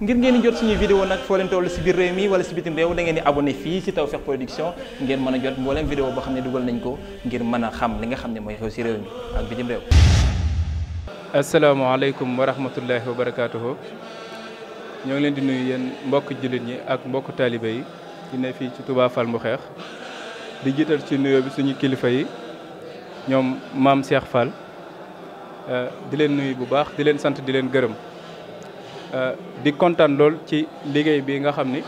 ngir ngeen di jot suñu vidéo nag foo leen toll si biir réew mi wala si bitim réew da ngeen di abonné fii si Tawfekh Production ngeen mën a jot mbooleem vidéo boo xam ne dugal nañ ko ngir mën a xam li nga xam ne mooy xew si réew mi ak bitim réew asalaamaaleykum wa rahmatullahi wa barakatuhu ñoo ngi leen di nuyu yéen mbokk jullit ñi ak mbokk taalibe yi dina fii ci Touba Fall Mbuxeex di jiital ci nuyo bi suñu kilifa yi ñoom maam Cheikh fal euh, di leen nuyu bu baax di leen sant di leen gërëm Euh, di kontaan lool ci liggéey bi nga xam ni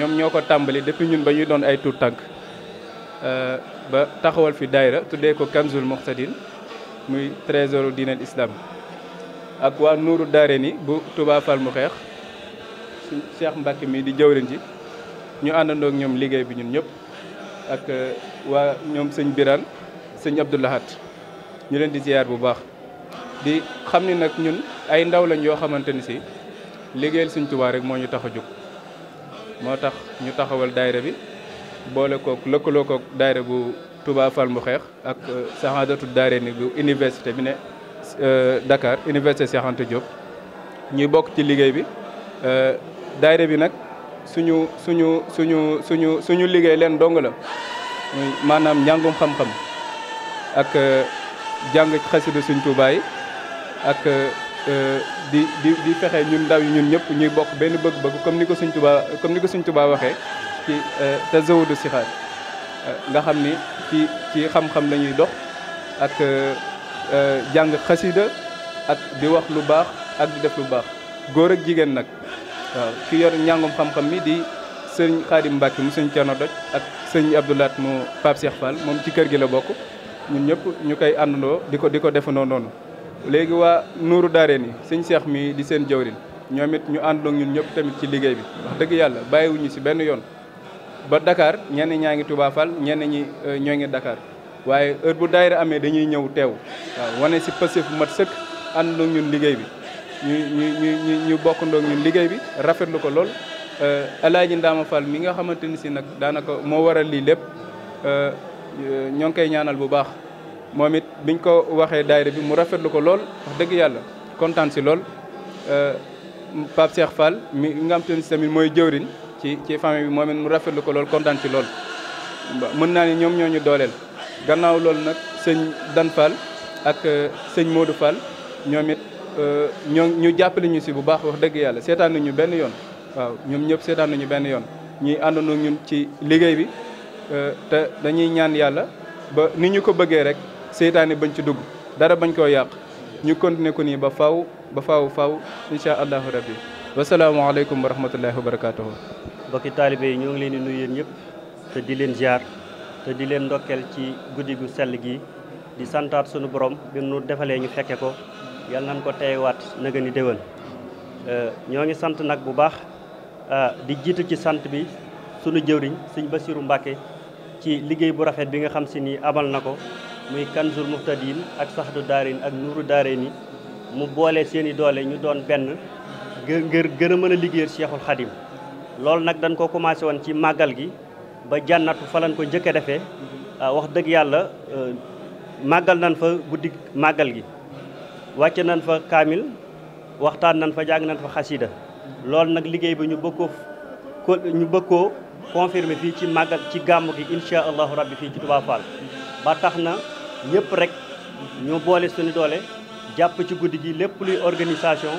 ñoom ñoo ko tàmbali depuis ñun ba ñuy doon ay tuut tànk euh, ba taxawal fi daayra tuddee ko Kanzul Muxtadin muy trésor diinal islam ak waa nuuru daare ni bu Touba mu xeex suñ Cheikh Mbacke mi di jëwriñ ji ñu àndandook ñoom liggéey bi ñun ñëpp ak euh, waa ñoom sëñ Birane sëñ Abdoulahat ñu leen di ziar bu baax di xam ni nag ñun ay ndaw lañ yoo xamante ni si liggéeyal Sëñ Tuubaa rek moo ñu tax a jóg moo tax ñu taxawal daayira bi boole kook lëkkaloo kook daayira bu Touba Fall mu xeex ak euh, saxaadatu daare ni bu université bi ne euh, Dakar université Cheikh Anta Diop ñuy bokk ci liggéey bi euh, daayira bi nag suñu suñu suñu suñu suñu liggéey leen dong la maanaam njàngum xam-xam ak jàng xasida Sëñ Tuubaa yi ak Euh, di di di fexe ñun ndaw ñun ñëpp ñuy bokk benn bëgg-bëgg comme ni ko Sëñ Tuubaa comme ni ko Sëñ Tuubaa waxee ci euh, tazawudu sixaar euh, nga xam ni ci ci xam-xam la ñuy dox ak jàng xasida ak di wax lu baax ak di def lu baax góor ak jigéen nag waaw ki yor njàngum xam-xam mi di sëñ Xaadim Mbàkke mu sëñ Cerno Doj ak sëñ Abdoulaat mu Pape Cheikh moom ci kër gi la bokk ñun ñëpp ñu koy àndandoo di ko di ko defandoo noonu léegi waa Nuuru Daareeni sëñ Cheikh mi di seen jawrin ñoom it ñu àndoon ñun ñëpp tamit ci liggéey bi wax dëgg yàlla bàyyiwuñu si benn yoon ba Dakar ñenn ñaa ngi tubaafal Fall ñenn ñi euh, ñoo ngi dakaar waaye heure bu daayira amee dañuy ñëw teew waaw wane si passé mat sëkk àndoon ñun liggéey bi ñu ñu ñu ñu bokkandoo ñun liggéey bi rafetlu ko lool euh, Alaaji Ndaama Fall mi nga xamante ni si nag daanaka moo waral lii lépp euh, ñoo ngi koy ñaanal bu baax moom it biñ ko waxee daayira bi mu rafetlu ko lool wax dëgg yàlla kontaan si lool euh, Pape Cheikh Fall mi nga xam mooy jëwriñ ci ci famille bi moom it mu rafetlu ko lool kontaan si lool. mën naa ni ñoom ñoo ñu dooleel gannaaw loolu nag sëñ Dan Fall ak euh, sëñ Modou Fall ñoom it euh, ñoo ñu jàppale ñu si bu baax wax dëgg yàlla seetaan nañu benn yoon waaw ñoom ñëpp seetaan nañu benn yoon ñuy àndandoo ñun ci liggéey bi te dañuy ñaan yàlla ba ni ñu ko bëggee rek. seytaane bañ ci dugg dara bañ koo yàq ñu continuer ko nii ba faw ba faw faw incha allahu rabbi wasalaamaaleykum wa rahmatullahi wa barakaatuhu bokki taalibe yi ñoo ngi leen di nuyu yéen ñëpp te di leen ziar te di leen ndokkeel ci guddi gu sell gi di santaat sunu borom bi mu defalee ñu fekke ko yal nañ ko teewaat naga ni déwén eh, ñoo ngi sant nag bu baax ah, di jiitu ci sant bi sunu jëwriñ sëñ Basiru Mbàkke ci liggéey bu rafet bi nga xam si nii amal na ko muy Kanzul Muhtadin ak Sahdu Daarin ak Nuuru Daarini mu boole seen i doole ñu doon benn ngir gën a mën a liggéeyal Cheikhul Khadim loolu nag dañ ko commencé woon ci màggal gi ba jànnatu fa lañ ko njëkk defee ah, wax dëgg yàlla euh, màggal nañ fa guddi màggal gi wàcce nañ fa kaamil waxtaan nañ fa jàng nañ fa xasida loolu nag liggéey bi ñu bëgg ñu bëgg koo confirmer fii ci màggal ci gàmm gi incha allahu rabbi fii ci Touba ba tax na ñëpp rek ñu boole suñu doole jàpp ci guddi gi lépp luy organisation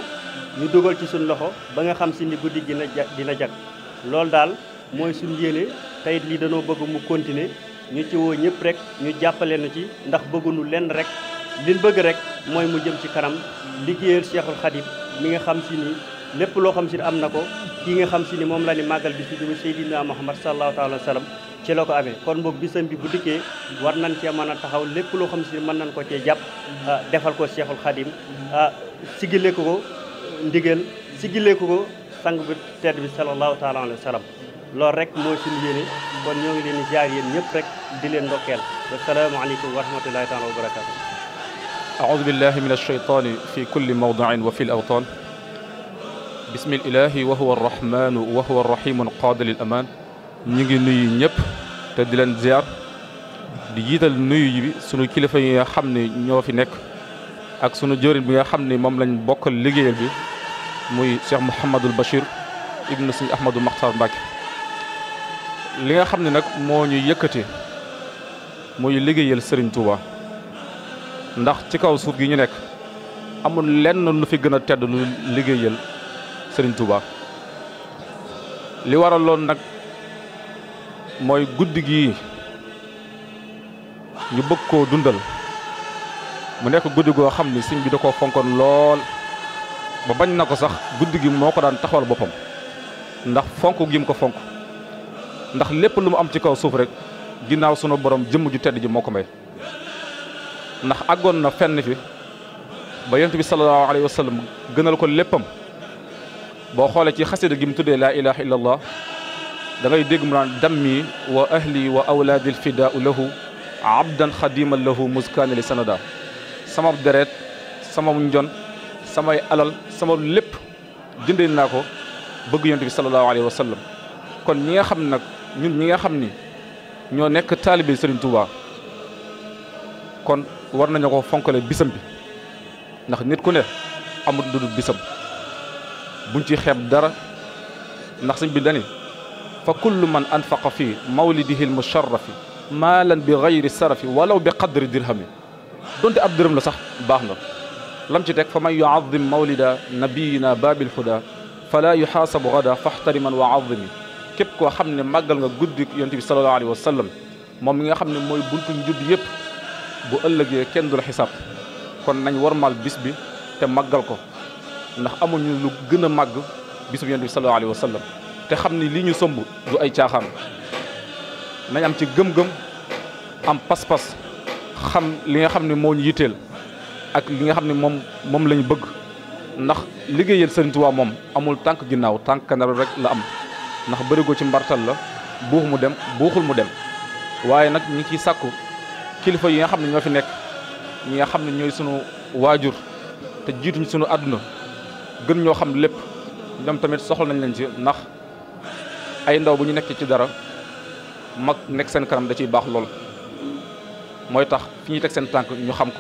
ñu dugal ci suñu loxo ba nga xam si ni guddi gi dina dina jag loolu daal mooy suñu yéene tey lii dañoo bëgg mu continuer ñu ci woo ñëpp rek ñu jàppale na ci ndax bëgguñu lenn rek liñ bëgg rek mooy mu jëm ci kanam liggéeyal Cheikhul Khadim mi nga xam si ni lépp loo xam si ni am na ko kii nga xam si ni moom la ni màggal bi si jëm Seydina Muhammad sallallahu alayhi ci la ko amee kon boog bisam bi bu dikkee war nañ cee mën a taxaw lépp loo xam si mën nañ ko cee jàpp ah, defal ko Cheikhul Khadim ah, sigileeku ko ndigal sigileeku ko sang bi tedd bi sallallahu taala alayhi wa sallam loolu rek moo ci yéene kon ñoo ngi leen di jaar yéen ñëpp rek di leen ndokkeel wasalaamaaleykum wa rahmatullahi taala wa barakatu أعوذ بالله من الشيطان في كل موضع وفي الأوطان بسم الإله وهو الرحمن وهو الرحيم القادر للأمان ñu ngi nuyu ñëpp te di leen ziar di jiital nuyu bi sunu kilifa yi nga xam ne ñoo fi nekk ak sunu jëriñ bi nga xam ne moom lañ bokkal liggéeyal bi muy Cheikh Mouhamadul Bachir ibnu Sëñ Ahmadou Makhtar Mbacke li nga xam ne nag moo ñu yëkkati muy liggéeyal Serigne Touba ndax ci kaw suuf gi ñu nekk amul lenn lu fi gën a tedd lu liggéeyal Serigne Touba li waraloon nag. mooy guddi gii ñu bëgg koo dundal mu nekk guddi goo xam ni sëñ bi da koo fonkoon lool ba bañ na ko sax guddi gi moo ko daan taxawal boppam ndax fonk gi ko fonk ndax lépp lu mu am ci kaw suuf rek ginnaaw sunu borom jëmm ju tedd ji moo ko may ndax àggoon na fenn fi ba yonent bi sallallahu alayhi wa sallam gënal ko léppam boo xoolee ci xasida gi mu tuddee laa ilaha illallah da dégg mu naan dammi wa ahli wa awlaadi lfidaau lahu abdan xadiman lahu muskaani li sanada sama deret sama njon samay alal sama lépp jëndee naa ko bëgg yonent bi sallallahu alayhi wa sallam kon ñi nga xam nag ñi nga xam ni ñoo nekk taalibe Serigne Touba kon war nañu ko fonkale bisam bi ndax nit ku ne amul dudul bisam buñ ci xeeb dara ndax sëñ bi fa kullu man anfaqa fi mawlidihi almusharrafi maalan bi gayri sarafi walaw bi qadri dirhami donte ab dërëm la sax baax na lam ci teg fa man yuazim mawlida nabiyina baabil huda fala yuxaasabu gada faxtariman wa azimi képp koo xam ne màggal nga guddi yonent bi sallallahu alayhi wa sallam moom mi nga xam ne mooy buntu njub yëpp bu ëllëgee kenn du la xisaab kon nañ warmal bis bi te màggal ko ndax amuñu lu gën a màgg bisub yonent bi sallallahu alayhi wa sallam te xam ni li ñu sëmb du ay caaxaan nañ am ci gëm-gëm am pas-pas xam li nga xam ne mooñu ñu yitteel ak li nga xam ne moom moom la bëgg ndax liggéeyal Sëriñ Tuubaa moom amul tànk ginnaaw tànk kanam rek la am ndax bërigo ci mbartal la buux mu dem buuxul mu dem waaye nag ñi ciy sàkku kilifa yi nga xam ne ñoo fi nekk ñi nga xam ne ñooy sunu waajur te jiituñ sunu àdduna gën ñoo xam lépp ñoom tamit soxla nañ leen ci ndax ay ndaw bu ñu nekk ci dara mag nekk seen kanam da ciy baax lool mooy tax fi ñuy teg seen tànk ñu xam ko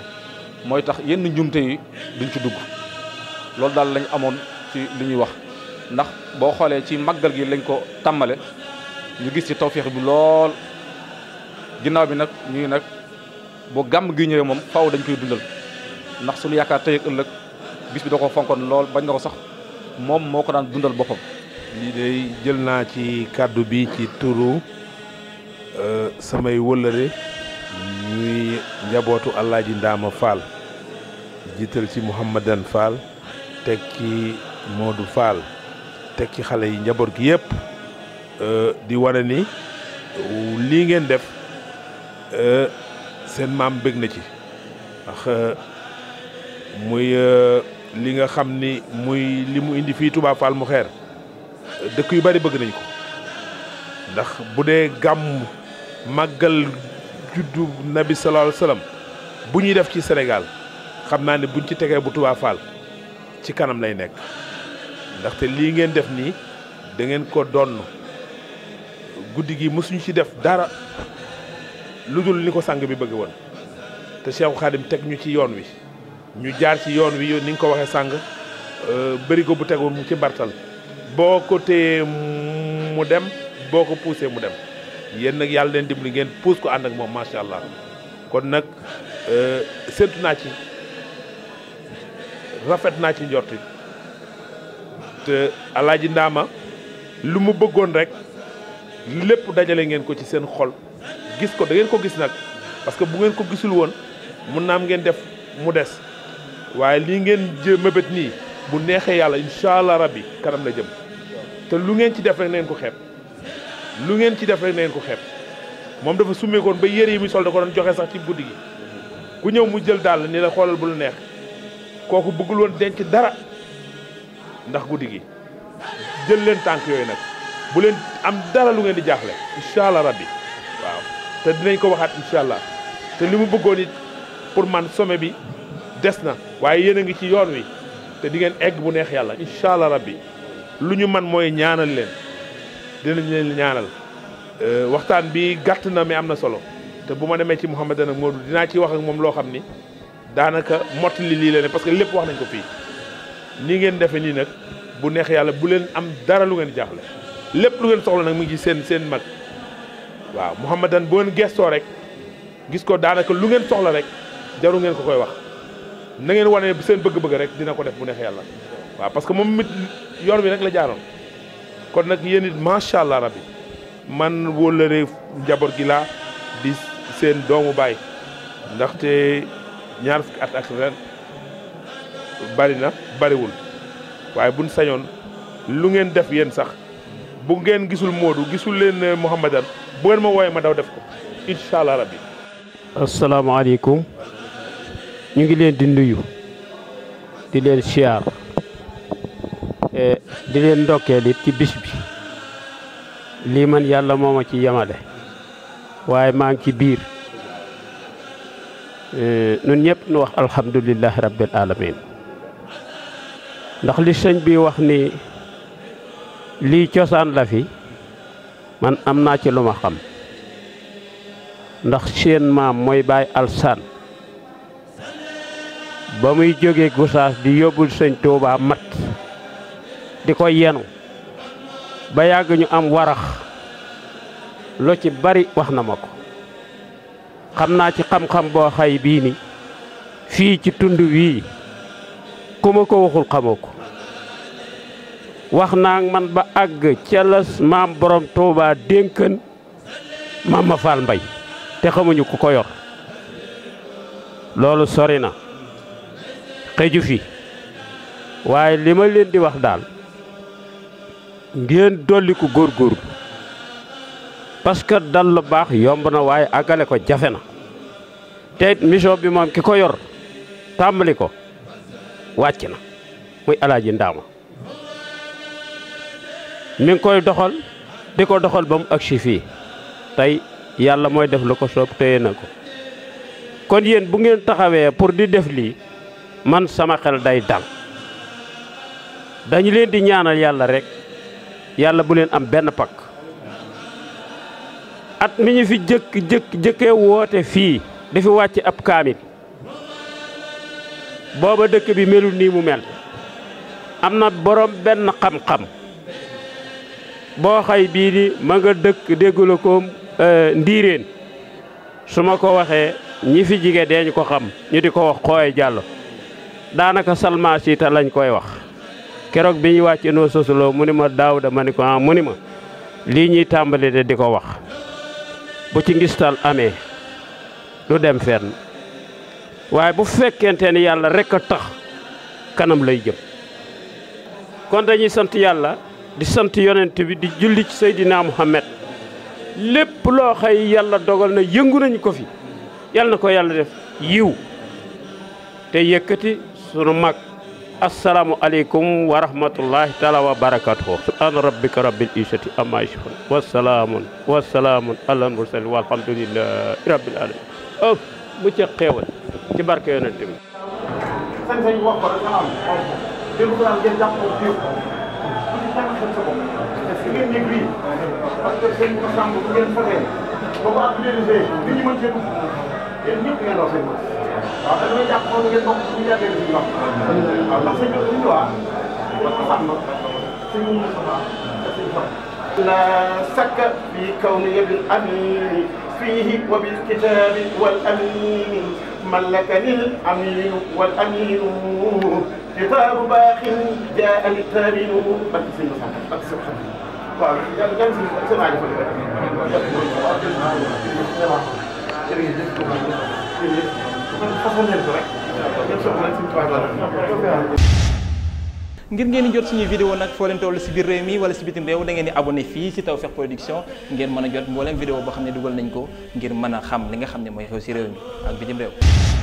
mooy tax yenn njumte yi duñ ci dugg loolu daal lañ amoon ci lu ñuy wax ndax boo xoolee ci màggal gi lañ ko tàmmale ñu gis ci tawféex bi lool ginnaaw bi nag ñu ngi nag bu gàmm gi ñëwee moom faaw dañ koy dundal ndax suñu yaakaar tey ëllëg bis bi da ko fonkoon lool bañ na ko sax moom moo ko daan dundal boppam lii day jël naa ci kàddu bi ci turu euh, samay wëllëre ñuy njabootu Alaaji Ndaama Fall jiital ci Mouhamadan Fall teg ci Modou Fall teg ci xale yi njaboot gi yëpp euh, di wane ni lii ngeen def euh, seen maam bëgg na ci ndax muy li nga xam ni muy li mu indi fii Touba Fall mu xeer dëkk yu bari bëgg nañ ko ndax bu dee gàmm màggal juddu nabi sallallahu bu ñuy def ci Sénégal xam naa ne buñ ci tegee bu Touba ci kanam lay nekk ndaxte lii ngeen def nii da ngeen ko donn guddi gi mësuñu ci def dara lu dul ni ko sang bi bëgg woon te Cheikh Khadim teg ñu ci yoon wi ñu jaar ci yoon wi ni nga ko waxee sàng euh, bërigo bu tegum ci bartal boo ko téyee mu dem boo ko poussé mu dem yéen nag yàlla leen dimbali ngeen pousse ko ànd moom macha allah kon nag euh, séntu naa ci rafet naa ci njorti te alaaji ndaama lu mu bëggoon rek lépp dajale ngeen ko ci seen xol gis ko da ngeen ko gis nag parce que bu ngeen ko gisul woon mun naam ngeen def mu des waaye lii ngeen jë nii bu neexee yàlla incha allah rabbi kanam la jëm te lu ngeen ci def rek neen ko xeeb lu ngeen ci def neen ko xeeb moom dafa summeekoon ba yére yi muy sol da ko doon joxe sax ci guddi gi ku ñëw mu jël dàll ni la xoolal bu lu neex kooku bëggul woon denc dara ndax guddi gi jël leen tànk yooyu nag bu leen am dara lu ngeen di jaaxle incha allah rabbi waaw te dinañ ko waxaat incha allah te li mu bëggoon it pour man sommet bi des na waaye yéen a ngi ci yoon wi te di ngeen egg bu neex yàlla incha allah rabbi lu ñu man mooy ñaanal leen dinañ leen ñaanal euh, waxtaan bi gàtt na mais am na solo te bu ma demee ci Mouhamadou nag Modou dinaa ci wax ak moom loo xam ni daanaka mottali lii la parce que lépp wax nañ ko fii nii ngeen defee nii nag bu neex yàlla bu leen am dara lu ngeen jaaxle lépp lu ngeen soxla nag mu ngi seen seen mag waaw Mouhamadou boo ngeen gestoo rek gis ko daanaka lu ngeen soxla rek jaru ngeen ko koy wax. na ngeen wane seen bëgg-bëgg rek dina def bu neex yàlla waa parce que moom mit yoon bi rek la jaaroon kon nag yéen it macha allah rabbi man wóllëre njaboot gi laa di seen doomu baay ndaxte ñaar fukki at ak bari na bariwul waaye buñ sañoon lu ngeen def yéen sax bu ngeen gisul Modou gisul leen eh, Mouhamadan bu ngeen ma wooyee ma daw def ko incha allah rabbi ñu ngi leen di nuyu di leen siyaar e, di leen ndokkeel it ci bis bi lii man yàlla moo ma ci yemale waaye maa ngi ci biir nun e, ñëpp nu wax alhamdulilahi rabbil alamin ndax li sëñ bi wax ni lii cosaan la fi man am naa ci lu ma xam ndax seen maam mooy baay alsaan ba muy jóge Gosaas di yóbbul sëñ Touba mat di ko yenu ba yàgg ñu am warax lu ci bari wax na ma ko xam naa ci xam-xam boo xay bii ni fii ci tund wii ku ma ko waxul xamoo ko wax naa man ba àgg celas maam borom Touba dénkan maam ma faal mbay te xamuñu ku ko yor loolu sori na xëju fi waaye li ma leen di wax daal ngeen dolli ko góor parce que dal lu baax yomb na waaye àggale ko jafe na te it mission bi moom ki ko yor tàmbali ko wàcc na muy alaaji ndaama mi koy doxal di ko doxal ba mu agsi fii tey yàlla mooy def lu ko soop téye na ko kon yéen bu ngeen taxawee pour di def lii man sama xel day dal dañu leen di ñaanal yàlla rek yàlla bu leen am benn pakk at mi ñu fi jëkk jëkk jëkkee woote fii di fi wàcc ab kaamil booba dëkk bi melul nii mu mel am na boroom benn xam-xam boo xay bii ni ma nga dëkk déggula ko euh, ndiireen su ma ko waxee ñi fi jige deeñ ko xam ñu di ko wax xooye jàllo daanaka salmaacita lañ koy wax keroog bi ñu wàcce noo sosuloo mu ni ma daawda ma ni ko ah mu ni ma lii ñuy tàmbali de di ko wax bu ci ngistal amee du dem fenn waaye bu fekkente ni yàlla rek a tax kanam lay jëm kon dañuy sant yàlla di sant yonent bi di julli ci Seydina Muhammad lépp loo xëy yàlla dogal na yëngu nañu ko fi yàlla na ko yàlla def yiw te yëkkati sunu mag asalaamualeykum wa rahmatullahi taala wa barakatuhu subhaana rabbika rabbil izzati amma yasifun wa salaamun wa salaamun alal mursalin walhamdulillahi rabbil alamin of bu ca xeewal ci barke yonent bi sañ-sañ wax ko danga am dégg ko daal ngeen jàpp ko dégg ko bu ci tànn xet sa bopp parce que ngeen nekk bii parce que seen ko sàmm bu ngeen fotee boobu ak léegi li ñu mën cee dugg yéen ñëpp ngeen wax seen waaw te damay jàpp foofu ngeen bokk ci ñu yàggee suñu wax. waaw ndax sëñ bi suñu waa dafa sàmm suñu Moustapha te suñu xam. la amini wa amini ملكني الأمير والأمير كتاب باخ جاء الثامن بس سيدي بس سبحان الله يلا يلا سمع لي فلوس façon leen ko ngir ngeen jot suñuy vidéo nag foo leen toll si biir réew mi wala si bitim réew dangeen di abonné fii si Tawfekh Production ngeen mën a jot mbooleem vidéo boo xam ne dugal nañ ko ngir mën a xam li nga xam ne mooy xew si réew mi ak bitim réew.